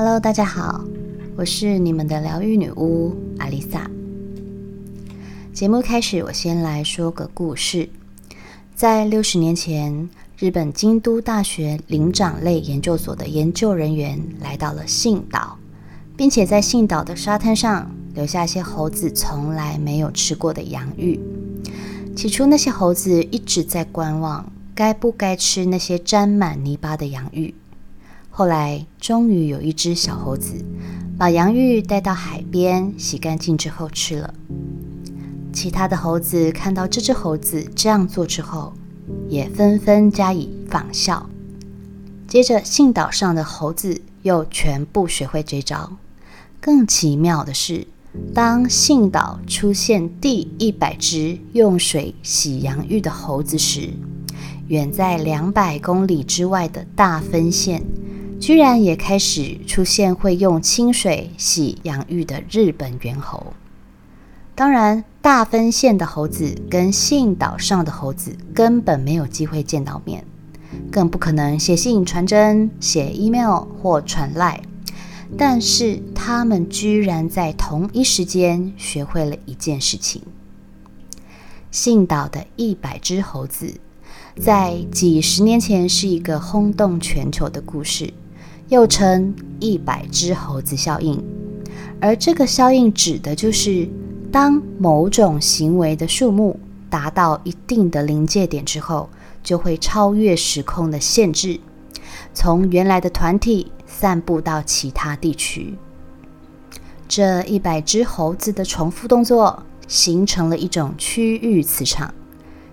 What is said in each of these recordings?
Hello，大家好，我是你們的療癒女巫阿麗薩。節目開始，我先來說個故事。在六十年前，日本京都大學靈長類研究所的研究人員來到了幸島，並且在幸島的沙灘上留下一些猴子從來沒有吃過的洋芋。起初，那些猴子一直在觀望，該不該吃那些沾滿泥巴的洋芋。後來，終於有一隻小猴子把洋芋帶到海邊，洗乾淨之後吃了。其他的猴子看到這隻猴子這樣做之後，也紛紛加以仿效。接着，幸島上的猴子又全部學會這招。更奇妙的是，當幸島出現第一百隻用水洗洋芋的猴子時，遠在兩百公里之外的大分縣。居然也開始出現會用清水洗洋芋的日本猿猴。當然，大分縣的猴子跟幸島上的猴子根本沒有機會見到面，更不可能寫信、傳真、寫 email 或傳 LINE。但是，他們居然在同一時間學會了一件事情。幸島的一百隻猴子，在幾十年前是一個轟動全球的故事。又稱“一百隻猴子效應”，而這個效應指的就是，當某種行為的數目達到一定的臨界點之後，就會超越時空的限制，從原來的團體散布到其他地區。這一百隻猴子的重複動作形成了一種區域磁場，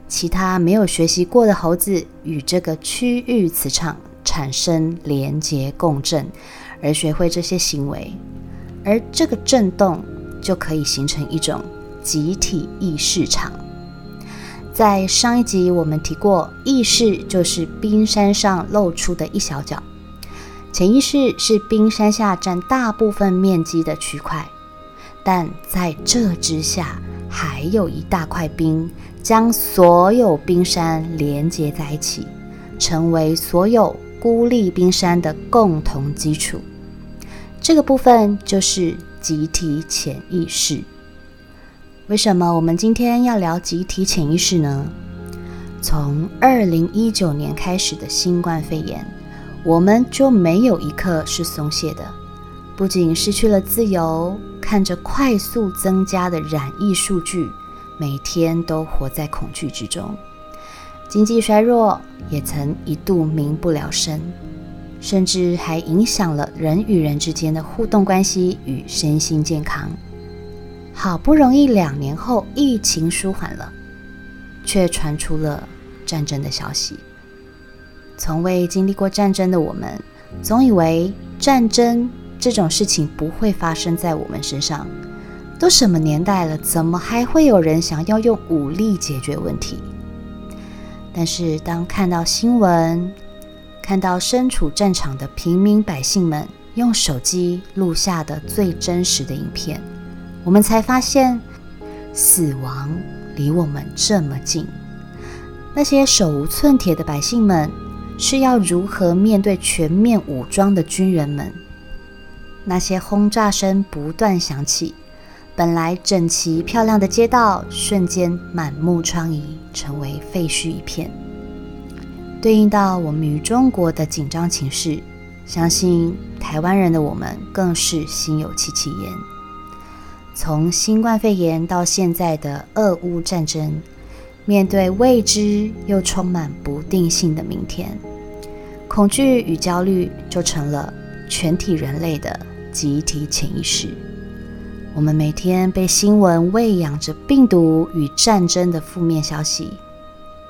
其他沒有學習過的猴子與這個區域磁場。產生連接共振，而學會這些行為，而這個震動就可以形成一種集體意識場。在上一集我們提過，意識就是冰山上露出的一小角，潛意識是冰山下佔大部分面積的區塊，但在這之下還有一大塊冰，將所有冰山連接在一起，成為所有。孤立冰山的共同基礎，這個部分就是集體潛意識。為什麼我們今天要聊集體潛意識呢？從二零一九年開始的新冠肺炎，我們就沒有一刻是鬆懈的。不僅失去了自由，看着快速增加的染疫數據，每天都活在恐懼之中。經濟衰弱，也曾一度民不聊生，甚至還影響了人與人之間的互動關係與身心健康。好不容易兩年後疫情舒緩了，卻傳出了戰爭的消息。從未經歷過戰爭的我們，總以為戰爭這種事情不會發生在我們身上。都什麼年代了，怎麼還會有人想要用武力解決問題？但是，當看到新聞，看到身處戰場的平民百姓們用手機錄下的最真實的影片，我們才發現死亡離我們這麼近。那些手無寸鐵的百姓們是要如何面對全面武裝的軍人們？那些轟炸聲不斷響起。本來整齊漂亮的街道，瞬間滿目瘡痍，成為廢墟一片。對應到我們與中國的緊張情勢，相信台灣人的我們更是心有戚戚焉。從新冠肺炎到現在的俄烏戰爭，面對未知又充滿不定性的明天，恐懼與焦慮就成了全體人類的集體潛意識。我們每天被新聞餵養着病毒與戰爭的負面消息，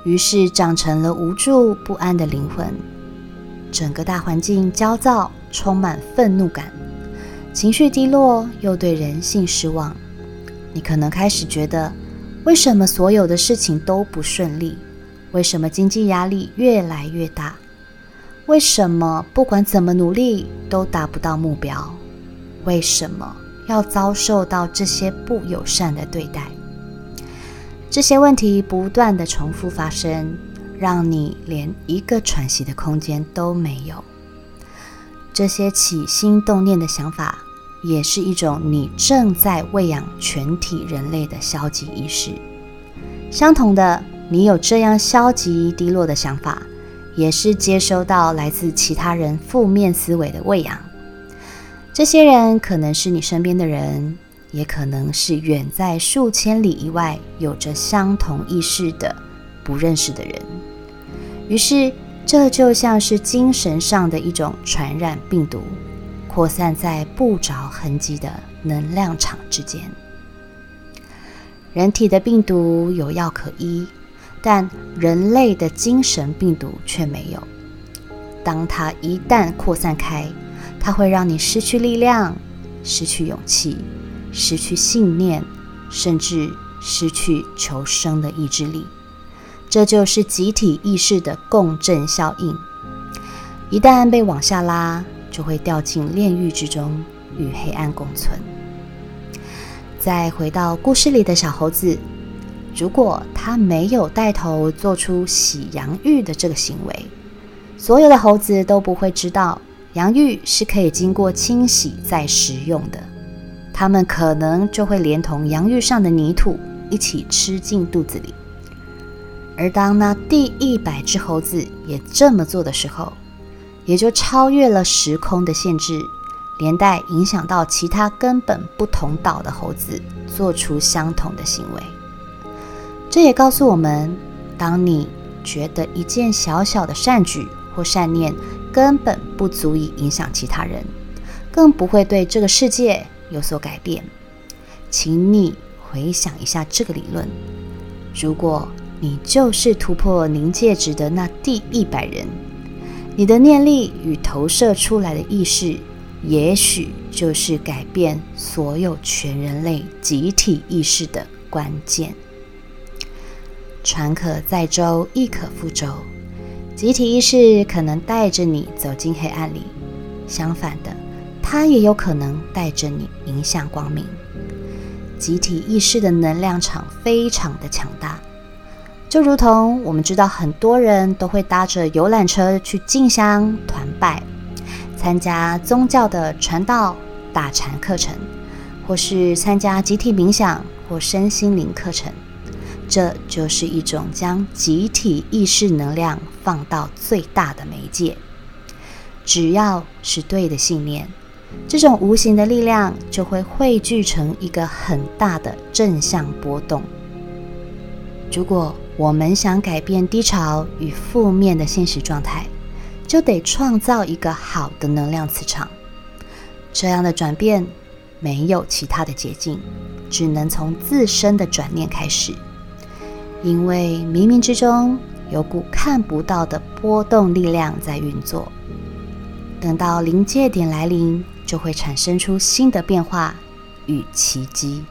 於是長成了無助不安的靈魂。整個大環境焦躁，充滿憤怒感，情緒低落，又對人性失望。你可能開始覺得，為什麼所有的事情都不順利？為什麼經濟壓力越來越大？為什麼不管怎麼努力都達不到目標？為什麼？要遭受到這些不友善的對待，這些問題不斷的重複發生，讓你連一個喘息的空間都沒有。這些起心動念的想法，也是一種你正在餵養全體人類的消極意識。相同的，你有這樣消極低落的想法，也是接收到來自其他人負面思維的餵養。這些人可能是你身邊的人，也可能是遠在數千里以外有着相同意識的不認識的人。於是，這就像是精神上的一種傳染病毒，擴散在不着痕跡的能量場之間。人體的病毒有藥可醫，但人類的精神病毒卻沒有。當它一旦擴散開，它會讓你失去力量，失去勇氣，失去信念，甚至失去求生的意志力。這就是集體意識的共振效應。一旦被往下拉，就會掉進煉獄之中，與黑暗共存。再回到故事裡的小猴子，如果他沒有帶頭做出洗洋芋的這個行為，所有的猴子都不會知道。洋芋是可以經過清洗再食用的，它們可能就會連同洋芋上的泥土一起吃進肚子裡。而當那第一百隻猴子也這麼做的時候，也就超越了時空的限制，連帶影響到其他根本不同島的猴子做出相同的行為。這也告訴我們，當你覺得一件小小的善舉或善念，根本不足以影響其他人，更不會對這個世界有所改變。請你回想一下這個理論：如果你就是突破臨界值的那第一百人，你的念力與投射出來的意識，也許就是改變所有全人類集體意識的關鍵。船可載舟，亦可覆舟。集體意識可能帶着你走進黑暗裡，相反的，它也有可能帶着你迎向光明。集體意識的能量場非常的強大，就如同我們知道，很多人都會搭着遊覽車去進香、團拜、參加宗教的傳道、打禪課程，或是參加集體冥想或身心靈課程。這就是一種將集體意識能量放到最大的媒介。只要是對的信念，這種無形的力量就會匯聚成一個很大的正向波動。如果我們想改變低潮與負面的現實狀態，就得創造一個好的能量磁場。這樣的轉變沒有其他的捷徑，只能從自身的轉念開始。因為冥冥之中有股看不到的波動力量在運作，等到臨界點來臨，就會產生出新的變化與奇蹟。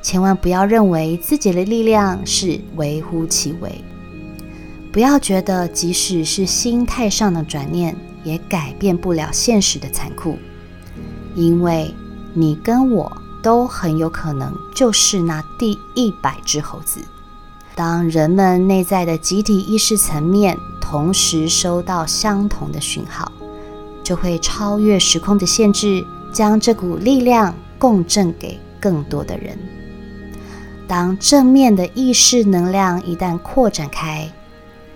千萬不要認為自己的力量是微乎其微，不要覺得即使是心態上的轉念也改變不了現實的殘酷。因為你跟我都很有可能就是那第一百隻猴子。當人們內在的集體意識層面同時收到相同的訊號，就會超越時空的限制，將這股力量共振給更多的人。當正面的意識能量一旦擴展開，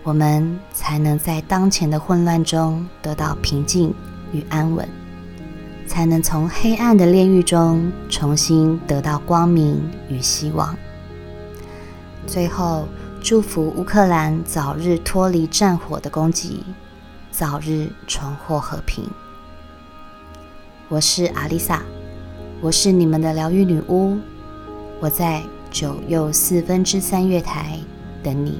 我們才能在當前的混亂中得到平靜與安穩，才能從黑暗的煉獄中重新得到光明與希望。最後，祝福烏克蘭早日脫離戰火的攻擊，早日重獲和平。我是阿麗薩，我是你們的療癒女巫，我在九又四分之三月台等你。